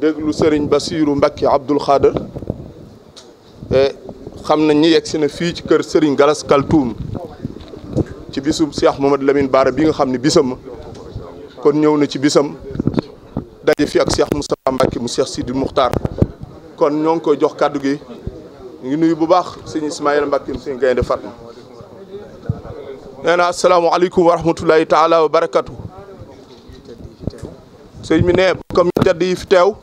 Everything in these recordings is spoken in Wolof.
déglu Serigne Bassirou Mbacké Abdoul Khader eh, xam nañ ni yegg si na fii ci kër sëriñ Galas Kaltoum ci bisum Cheikh Momadou Lamine Bara bi nga xam ne bisam kon ñëw na ci bisam daje fi ak Cheikh Moustapha Mbacké mu Cheikh Sidi Moukhtar kon ñoo ngi koy jox kàddu gi ñu ngi nuyu bu baax sëñ Ismaïla Mbacké sëñ Gaynde Fatma nee na asalaamaaleykum wa rahmatulahi wa barakatu sëñ bi ne comme ñu yi fi teew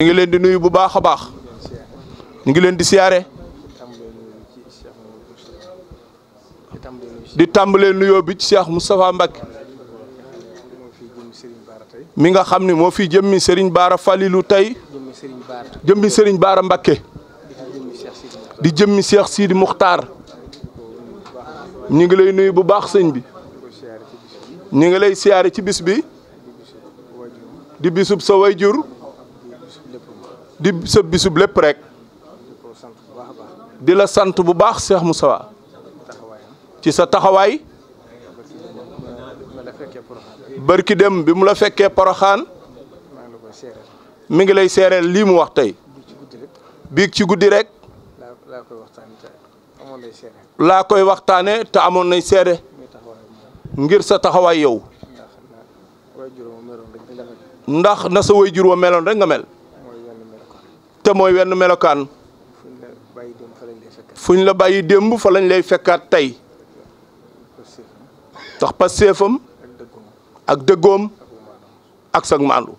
ñu ngi leen di nuyu bu baax a baax ñu ngi leen di siyaare di tàmbalee nuyoo bi ci Cheikh Moustapha Mbacke mi nga xam ni moo fi jëmmi Serigne Bara Falilou tey jëmmi sëriñ baara Mbacke di jëmmi Cheikh Sidi Muxtaar ñu ngi lay nuyu bu baax sëñ bi. ñu ngi lay siyaare ci bis bi di bisub sa wayjur di sa bisub lépp rek di la sant bu baax seex mu Moustapha ci sa taxawaay barki dem bi mu la fekkee poroxaan mi ngi lay seereel lii mu wax tey biig ci guddi rek laa koy waxtaane te laa koy waxtaane te amoon nay seere ngir sa taxawaay yow ndax na sa way jur wa meloon rek nga mel te mooy wenn melokaan fu ñu la bàyyi démb fa lañ lay fekkaat tey ndax pasteefam ak dëggoom ak sag maandu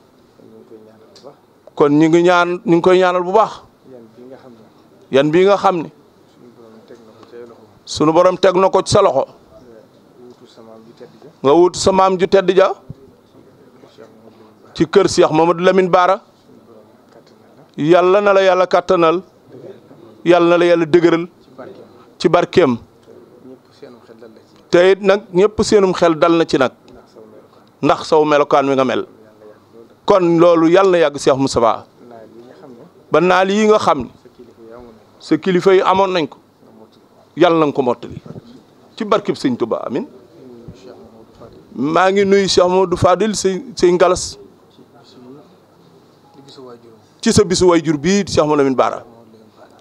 kon ñu ngi ñaan ñu ngi koy ñaanal bu baax yan bii nga xam ne sunu borom teg na ko ci sa loxo nga wut sa maam ju tedd ja ci kër Cheikh Mamadou Lamine Baara yàlla na la yàlla kàttanal yàlla na la yàlla dëgëral ci barkeem te nag ñëpp seenum xel dal na ci nag ndax saw melokaan wi nga mel kon loolu yàlla na yàgg Cheikh Moustapha ba naal yi nga xam ne sa kilifa yi amoon nañ ko yàlla na ko mottali ci barkeb sëñ Tuba amin maa ngi nuyu Cheikh Modou Fadil si si Ngalas ci sa bisu wayjur bii Cheikh Modou Lamine Bara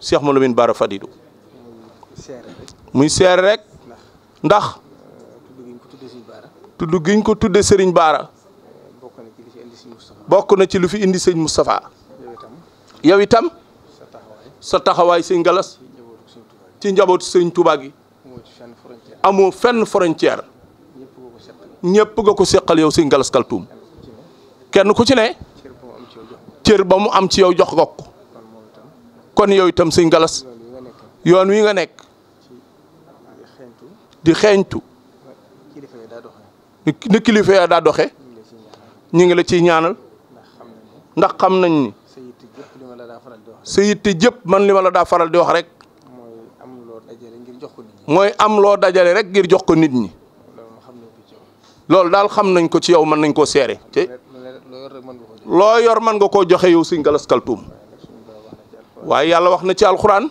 Cheikh Modou Lamine Bara Fadilou muy seere rek ndax tudd giñ ko tuddee Serigne baara bokk na ci lu fi indi sëñ Moustapha yow itam sa taxawaay sëñ Ngalas ci njabootu sëñ Touba gi amoo fenn frontière ñëpp nga ko séqal yow sëñ Galas Kaltoum kenn ku ci ne cër ba mu am ci yow jox ko kon yow itam sëñ Galas yoon wi nga nekk di xeeñtu ni kilifa ya daa doxe ñu ngi la ciy ñaanal ndax xam nañ ni sa yitte jëpp man li ma la daa faral di wax rek mooy am jox mooy am loo dajale rek ngir jox ko nit ñi. loolu daal xam nañ ko ci yow mën nañ koo seere te loo yor man nga koo joxe yow Sëñ Galas Kaltuum waaye yàlla wax na ci alxuraan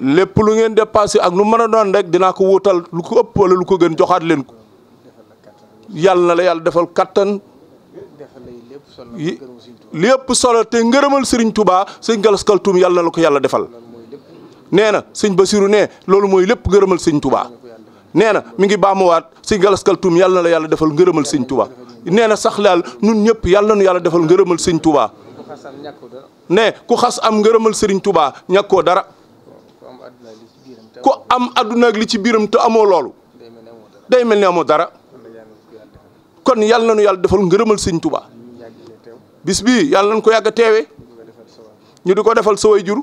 lépp lu ngeen dépassé ak lu mën a doon rek dinaa ko wuutal lu ko ëpp wala lu ko gën joxaat leen ko yàlla na la yàlla defal kattan lépp solo te ngërëmal Serigne Touba Sëñ Galas Kaltuum yàlla na la ko yàlla defal nee na sëñ Basiru ne loolu mooy lépp ngërëmal Sëñ tubaa nee na mi ngi baamuwaat si galaskaaltum yàlla la yàlla defal ngërëmal sëñ Touba nee na sax laal ñun ñëpp yàlla yàlla defal ngërëmal sëñ Touba ku xas am ngërëmal sëriñ Touba ñàkkoo dara ku am àdduna li ci biiram te amoo loolu day mel ni amoo dara kon yàlla na nu yàlla defal ngërëmal sëñ tubaa bis bi yàlla nañ ko yàgg a teewee ñu di ko defal sa way jur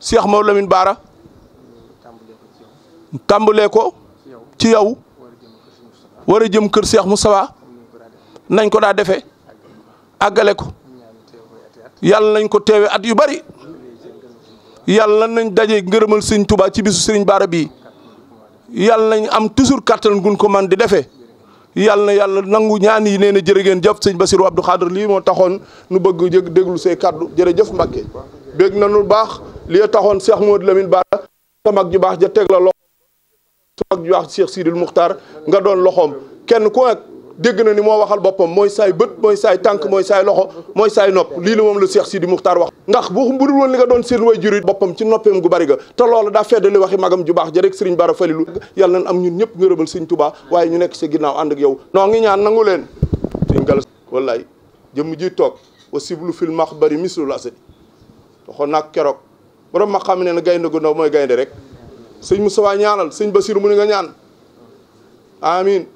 Cheikh Maodo Lamine Baara tàmbalee ko. ci yow war a jëm kër Cheikh Moustapha nañ ko daa defe àggale ko yàlla nañ ko teewe at yu bari yàlla nañ daje ngërëmal sëñ Touba ci bisu sëriñ Baara bii yàlla nañ am toujours kàttan gun ko man di defee yàlla na yàlla nangu ñaan yi nee na jërë ngeen jëf sëñ Bassirou Abdou Khadre lii moo taxoon nu bëgg jég déglu say kaddu jërëjëf Mbacke. bég na nu baax li taxoon Cheikh Modou Lamine baax ja teg la loxo ak yu wax Cheikh Sidil Muxtaar nga doon loxoom kenn ku nekk dégg na ni moo waxal boppam mooy saay bët mooy saay tànk mooy saay loxo mooy saay nopp lii la moom la Cheikh Sidi Muxtaar wax ndax bu budul woon li nga doon seen way jurit boppam ci noppeem gu bari ga te loolu daa feddali waxi magam ju baax ja rek Sëriñ Bara Falilu yàlla nañ am ñun ñëpp ngërëmal Sëriñ Tuubaa waaye ñu nekk sa ginnaaw ànd ak yow noo ñaan nangu leen Sëriñ Galas wallaay jëmm ji toog wa siblu fil max bari mislu la asadi waxoon nag keroog borom ma xam ne ne gaynde gu ndaw mooy gaynde rek sëñ Moustapha ñaanal sëñ Basiru mu nga ñaan amiin